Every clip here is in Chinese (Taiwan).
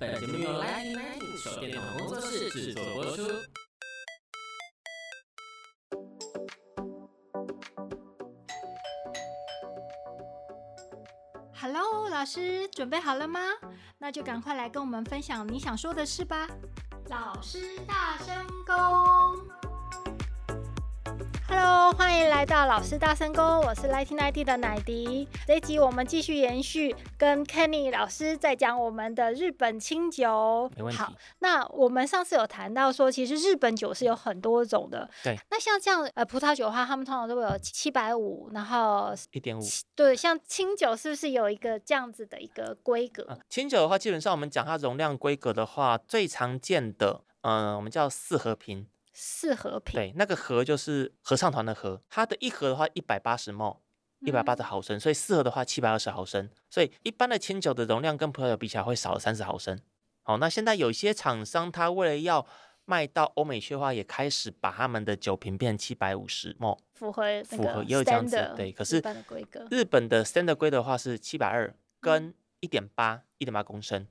本節目由 Lightning 手電筒工作室製作播出。Hello，老師，準備好了嗎？那就趕快來跟我們分享你想說的事吧。 老師大，大聲公。Hello，歡迎來到老師大聲公，我是 Lighting ID 的奶迪。這一集我們繼續延續跟 Kenny 老師在講我們的日本清酒。沒問題。好，那我們上次有談到說，其實日本酒是有很多種的。對。那像這樣呃葡萄酒的話，他們通常都會有七百五，然後一點五。對，像清酒是不是有一個這樣子的一個規格？啊，清酒的話，基本上我們講它容量規格的話，最常見的，嗯、呃，我們叫四合瓶。四合瓶，對，那個合就是合唱團的合。它的一合的話一百八十毫升，一百八十毫升，所以四合的話七百二十毫升。所以一般的清酒的容量跟葡萄酒比起來會少了三十毫升。好，那現在有些廠商它為了要賣到歐美去的話，也開始把他們的酒瓶變七百五十毫升，符合符合也有這樣子。Standard、對，可是日本的 standard 規格的話是七百二跟一點八，一點八公升，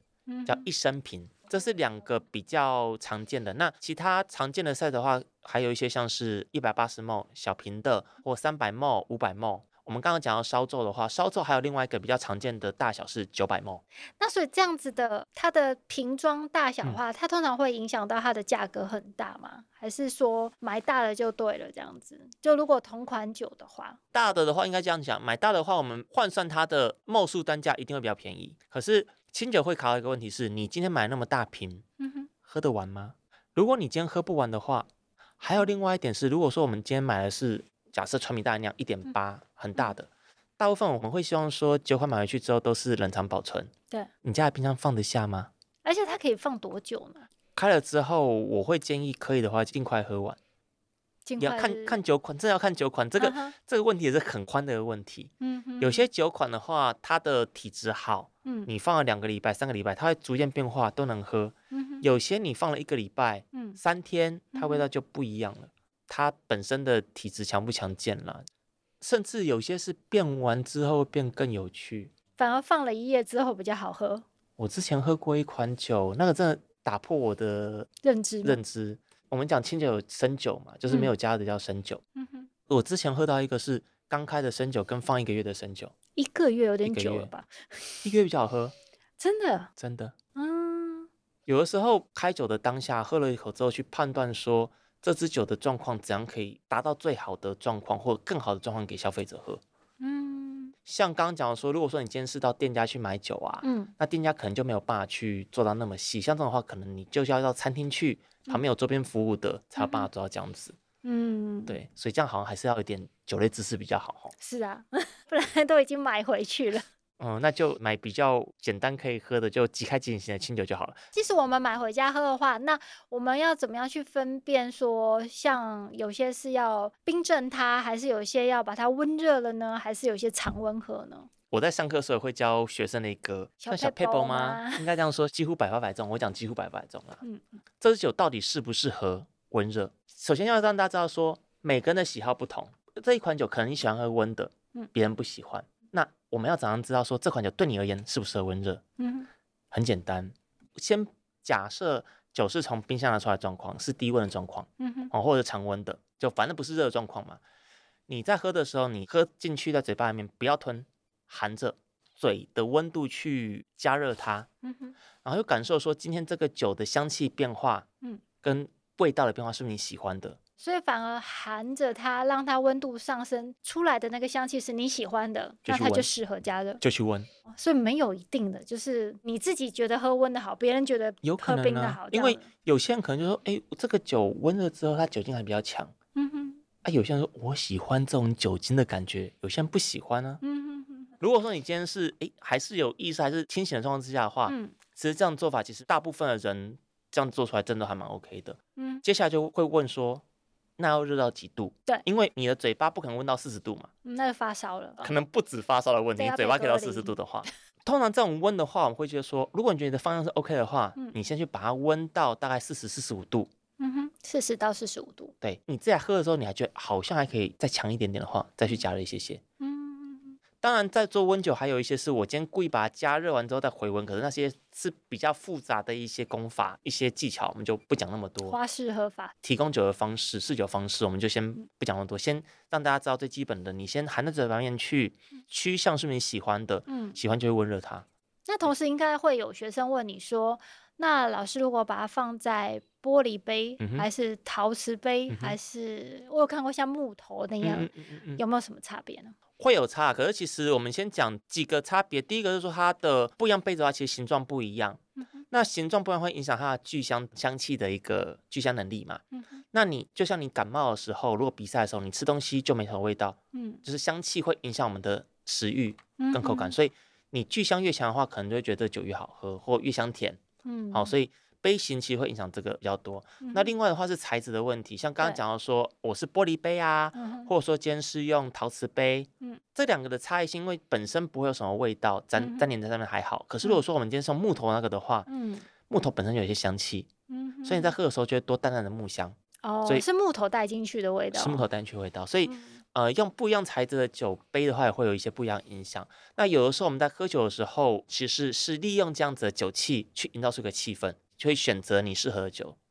叫一升瓶。這是兩個比較常見的。那其他常見的 size 的話，還有一些像是一百八十 ml 小瓶的，或三百 ml 五百 ml。我們剛剛講到燒酎的話，燒酎還有另外一個比較常見的大小是九百 ml。那所以這樣子的它的瓶裝大小的話，它通常會影響到它的價格很大嗎？嗯、還是說買大的就對了？這樣子，就如果同款酒的話，大的的話應該這樣講，買大的的話，我們換算它的 ml 數單價一定會比較便宜。可是。清酒會考一個問題是你今天買那麼大瓶，嗯哼，喝得完嗎？如果你今天喝不完的話，還有另外一點是，如果說我們今天買的是假設純米大吟釀一點八很大的，大部分我們會希望說酒款買回去之後都是冷藏保存。對，你家的冰箱放得下嗎？而且它可以放多久呢？開了之後我會建議可以的話儘快喝完。你要看看酒款，真的要看酒款。這個、uh -huh. 這個問題也是很寬的一個問題。Uh -huh. 有些酒款的話，它的體質好，uh -huh. 你放了兩個禮拜、三個禮拜，它會逐漸變化，都能喝。Uh -huh. 有些你放了一個禮拜、uh -huh. 三天，它味道就不一樣了。Uh -huh. 它本身的體質強不強健了？甚至有些是變完之後變更有趣，反而放了一夜之後比較好喝。我之前喝過一款酒，那個真的打破我的認知認知。我們講清酒有生酒嘛，就是沒有加的叫生酒。嗯，我之前喝到一個是剛開的生酒，跟放一個月的生酒，一個月有點久了吧，一個月， 一個月比較好喝，真的，真的，嗯，有的時候開酒的當下喝了一口之後，去判斷說這支酒的狀況怎樣可以達到最好的狀況或更好的狀況給消費者喝。像剛剛講的說，如果說你今天是到店家去買酒啊，嗯，那店家可能就沒有辦法去做到那麼細。像這種的話，可能你就是要到餐廳去，旁邊有周邊服務的，嗯，才有辦法做到這樣子。嗯，對，所以這樣好像還是要有點酒類知識比較好。嗯，好，是，比較好。是啊，不然都已經買回去了。 嗯那就買比較簡單可以喝的，就即開即飲型的清酒就好了。其實我們買回家喝的話，那我們要怎麼樣去分辨說，像有些是要冰鎮它，還是有些要把它溫熱了呢？還是有些常溫喝呢？我在上課的時候會教學生的一個，像、嗯、小撇步嗎？ 應該這樣說，幾乎百發百中。我講幾乎百發百中啊。嗯，這支酒到底適不適合溫熱？首先要讓大家知道說，每個人的喜好不同，這一款酒可能你喜歡喝溫的，別、嗯、人不喜歡。那我們要怎樣知道說這款酒對你而言適不適合溫熱？嗯，很簡單，先假設酒是從冰箱拿出來的狀況是低溫的狀況，嗯哼，哦，或者常溫的，就反正不是熱的狀況嘛。你在喝的時候，你喝進去在嘴巴裡面不要吞，含着嘴的溫度去加熱它，嗯哼，然後又感受說今天這個酒的香氣變化，嗯，跟味道的變化是不是你喜歡的？所以反而含着它，讓它溫度上升出來的那個香氣是你喜歡的，那它就適合加熱，就去溫。所以沒有一定的，就是你自己覺得喝溫的好，別人覺得喝冰的好有可能、啊。因為有些人可能就說：“哎、欸，這個酒溫熱之後，它酒精還比較強。”嗯哼。啊，有些人說我喜歡這種酒精的感覺，有些人不喜歡呢、啊。嗯哼哼。如果說你今天是哎、欸、還是有意思還是清醒的狀況之下的話、嗯，其實這樣做法其實大部分的人這樣做出來真的還蠻 OK 的。嗯，接下來就會問說。那要熱到幾度？對，因為你的嘴巴不可能溫到四十度嘛。嗯，那就發燒了。可能不止發燒的問題，你嘴巴可以到四十度的話，通常這種溫的話，我們會覺得說，如果你覺得方向是 OK 的話，嗯，你先去把它溫到大概四十、四十五度。嗯哼，四十到四十五度。對，你自己喝的時候，你還覺得好像還可以再強一點點的話，再去加熱一些些。嗯當然，在做溫酒，還有一些是我今天故意把它加熱完之後再回溫。可是那些是比較複雜的一些功法，一些技巧，我們就不講那麼多。花式喝法、提供酒的方式、試酒方式，我們就先不講那麼多，嗯，先讓大家知道最基本的。你先含着嘴裡面去，趨、嗯、向是你喜歡的，嗯，喜歡就會溫熱它。那同時應該會有學生問你說，那老師如果把它放在玻璃杯、嗯、還是陶瓷杯、嗯，還是我有看過像木頭那樣，嗯嗯嗯嗯有沒有什麼差別呢？會有差，可是其實我們先講幾個差別。第一個就是說它的不一樣杯子的話，其實形狀不一樣，嗯、那形狀不一樣會影響它的聚香香氣的一個聚香能力嘛、嗯。那你就像你感冒的時候，如果比賽的時候你吃東西就沒什麼味道，嗯，就是香氣會影響我們的食欲跟口感，嗯嗯，所以你聚香越強的話，可能就會覺得酒越好喝或越香甜。嗯，好、哦，所以杯型其實會影響這個比較多、嗯。那另外的話是材質的問題，像剛剛講到說我是玻璃杯啊、嗯，或者說今天是用陶瓷杯。嗯這兩個的差異性，因為本身不會有什麼味道，粘粘在上面還好、嗯。可是如果說我們今天用木頭那個的話，嗯，木頭本身有一些香氣，嗯，所以你在喝的時候就會多淡淡的木香，哦，所以，是木頭帶進去的味道，是木頭帶進去的味道。所以、嗯，呃，用不一樣材質的酒杯的話，也會有一些不一樣影響。那有的時候我們在喝酒的時候，其實是利用這樣子的酒氣去營造出一個氣氛，就會選擇你適合的酒。嗯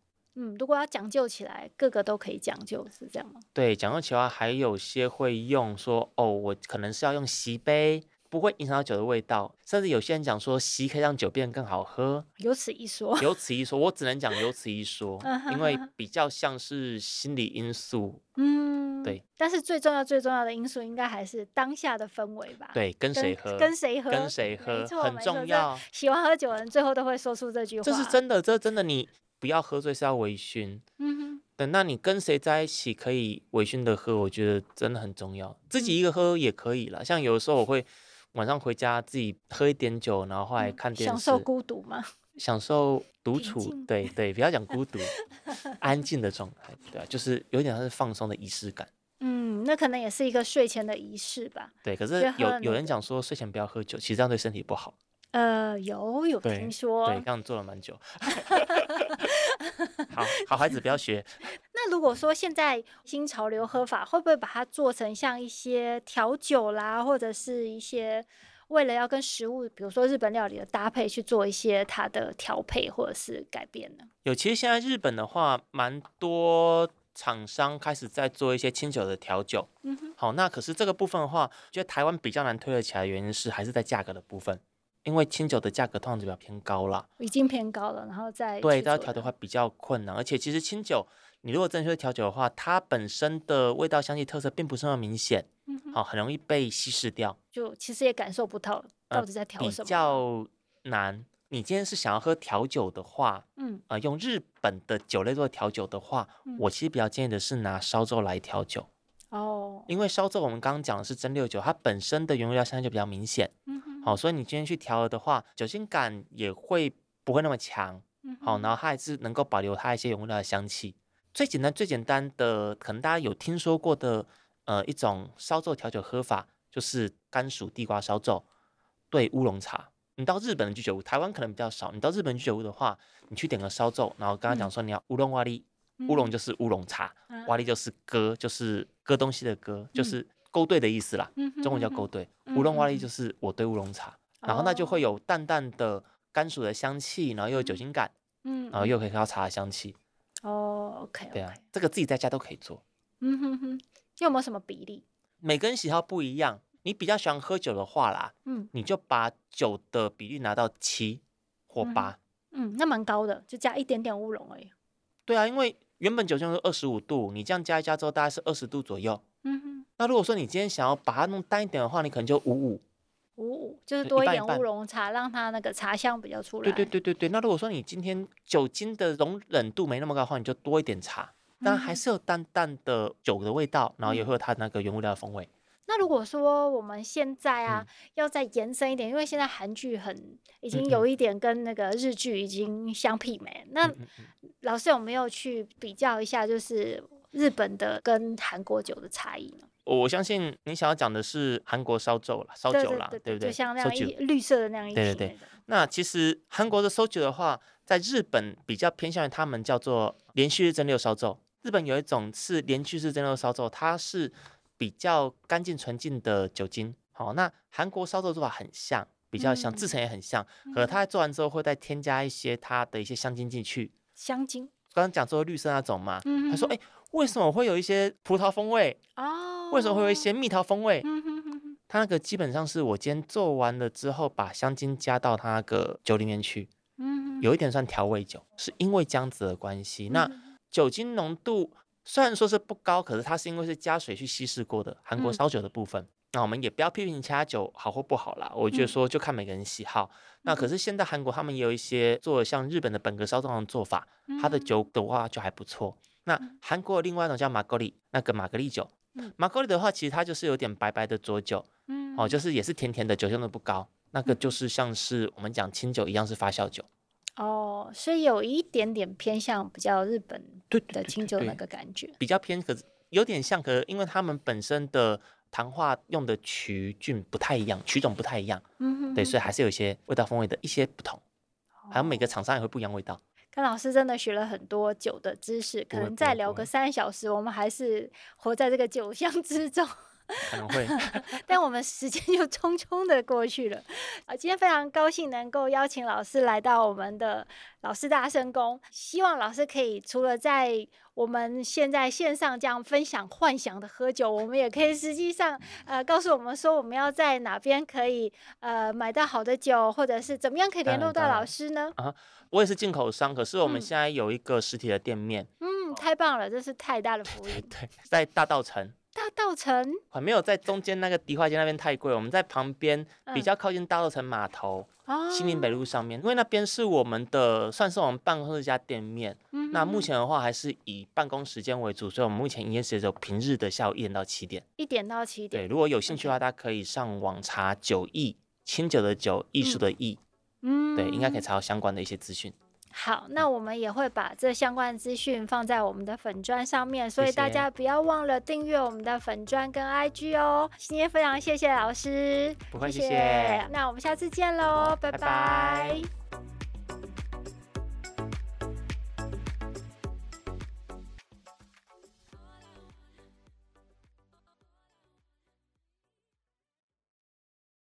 嗯，如果要講究起來，個個都可以講究，是這樣嗎？對，講究起來還有些會用說哦，我可能是要用錫杯，不會影響到酒的味道。甚至有些人講說，錫可以讓酒變得更好喝。有此一說。有此一說，我只能講有此一說， 因為比較像是心理因素。 嗯，對。但是最重要、最重要的因素應該還是當下的氛圍吧？對，跟誰喝？跟誰喝？跟誰喝？沒錯，很重要。喜歡喝酒的人最後都會說出這句話。這是真的，這真的你。不要喝醉，是要微醺。嗯哼。對，那你跟誰在一起可以微醺的喝？我覺得真的很重要。自己一個喝也可以了。嗯。像有的時候我會晚上回家自己喝一點酒，然後後來看電影。嗯。享受孤獨嗎？享受獨處。對對，不要講孤獨， 安靜的狀態，對啊，就是有點像是放鬆的儀式感。嗯，那可能也是一個睡前的儀式吧。對，可是有有人講說睡前不要喝酒，其實這樣對身體不好。呃，有有聽說，對，對，剛剛做了蠻久。 好好孩子，不要學。 那如果說現在新潮流喝法，會不會把它做成像一些調酒啦，或者是一些為了要跟食物，比如說日本料理的搭配去做一些它的調配或者是改變呢？有，其實現在日本的話，蠻多廠商開始在做一些清酒的調酒。嗯哼。好，那可是這個部分的話，覺得台灣比較難推得起來的原因是，還是在價格的部分。因為清酒的價格通常比較偏高了，已經偏高了，然後再對要調的話比較困難，而且其實清酒你如果真的去調酒的話，它本身的味道香氣特色並不是那麼明顯，好、嗯哦、很容易被稀釋掉，就其實也感受不到到底在調什麼、呃。比較難。你今天是想要喝調酒的話，嗯啊、呃，用日本的酒類做調酒的話、嗯，我其實比較建議的是拿燒酒來調酒。哦，因為燒酒我們剛剛講的是蒸餾酒，它本身的原料香氣就比較明顯。嗯。好、哦，所以你今天去調了的話，酒精感也會不會那麼強？嗯，好、哦，然後它還是能夠保留它一些原料的香氣。最簡單、最簡單的，可能大家有聽說過的，呃，一種燒酎調酒喝法，就是甘薯地瓜燒酎。對，烏龍茶。你到日本的居酒屋，台灣可能比較少。你到日本居酒屋的話，你去點個燒酎，然後跟他講說你要烏龍瓦力。烏、嗯、龍就是烏龍茶，瓦力就是割，就是割東西的割，嗯、就是。勾兌的意思啦，中文叫勾兌。嗯嗯、烏龍花力就是我兌烏龍茶，嗯，然後那就會有淡淡的甘薯的香氣，然後又有酒精感，嗯，嗯然後又可以喝到茶的香氣。哦，OK，, okay 對啊，這個自己在家都可以做。嗯哼哼，有沒有什麼比例？每個人喜好不一樣，你比較喜歡喝酒的話啦，嗯，你就把酒的比例拿到七或八，嗯，嗯，那蠻高的，就加一點點烏龍而已。對啊，因為原本酒精是二十五度，你這樣加一加之後，大概是二十度左右。嗯哼，那如果說你今天想要把它弄淡一點的話，你可能就五五五五，就是多一點烏龍茶，一半一半，讓它那個茶香比較出來。對對對對對。那如果說你今天酒精的容忍度沒那麼高的話，你就多一點茶，但還是有淡淡的酒的味道，嗯，然後也會有它那個原物料的風味。嗯，那如果說我們現在啊，嗯，要再延伸一點，因為現在韓劇很已經有一點跟那個日劇已經相媲美，嗯嗯，那，嗯嗯，老師有沒有去比較一下？就是。日本的跟韓國酒的差異呢？我相信你想要講的是韓國燒酒啦，燒酒啦，對不對？就像那樣一、soju、綠色的那樣一瓶。對，對對。那其實韓國的燒酒的話，在日本比較偏向於他們叫做連續式蒸餾燒酒。日本有一種是連續式蒸餾燒酒，它是比較乾淨純淨的酒精。好，那韓國燒酒做法很像，比較像製程也很像，嗯、可它做完之後會再添加一些它的一些香精進去。香精。剛剛講說綠色那種嘛，他，嗯、說哎。欸為什麼會有一些葡萄風味？Oh, 為什麼會有一些蜜桃風味？ 它那個基本上是我今天做完了之後，把香精加到它那個酒裡面去。嗯， 有一點算調味酒，是因為這樣子的關係。 那酒精濃度雖然說是不高，可是它是因為是加水去稀釋過的。韓國燒酒的部分， 那我們也不要批評其他酒好或不好啦。我覺得說就看每個人喜好。 那可是現在韓國他們也有一些做像日本的本格燒酒的做法，它的酒的話就還不錯。 那韓國有另外一種叫馬格利，那個馬格利酒，馬格利的話，其實它就是有點白白的濁酒，嗯，哦，就是也是甜甜的，酒精度不高，那個就是像是我們講清酒一樣是發酵酒，哦，所以有一點點偏向比較日本的清酒的那個感覺，對對對對，比較偏，可是有點像。可是因為他們本身的糖化用的麴菌不太一樣，麴種不太一樣，嗯哼哼，對，所以還是有一些味道風味的一些不同，還、哦、有每個廠商也會不一樣的味道。但老師真的學了很多酒的知識，可能再聊個三小時，我們還是活在這個酒香之中。可能會 ，但我們時間又匆匆的過去了。啊，今天非常高興能夠邀請老師來到我們的老師大聲公，希望老師可以除了在我們現在線上這樣分享幻想的喝酒，我們也可以實際上呃告訴我們說我們要在哪邊可以呃買到好的酒，或者是怎麼樣可以聯絡到老師呢？啊，我也是進口商，可是我們現在有一個實體的店面。嗯，嗯哦、太棒了，這是太大的福利，對、對、對，在大稻埕。大稻埕還沒有在中間那個迪化街那邊太貴，我們在旁邊比較靠近大稻埕碼頭，西、嗯、寧北路上面，因為那邊是我們的，算是我們的辦公室家店面。嗯,嗯，那目前的話還是以辦公時間為主，所以我們目前營業時間只有平日的下午一點到七點。一點到七點。對，如果有興趣的話，okay. 大家可以上網查“酒藝”，清酒的“酒”，藝術的“藝”。嗯，對，應該可以查到相關的一些資訊。好，那我們也會把這相關資訊放在我們的粉專上面，謝謝，所以大家不要忘了訂閱我們的粉專跟 IG 哦。今天非常謝謝老師。不會，謝謝，謝謝。那我們下次見嘍，拜拜。拜拜。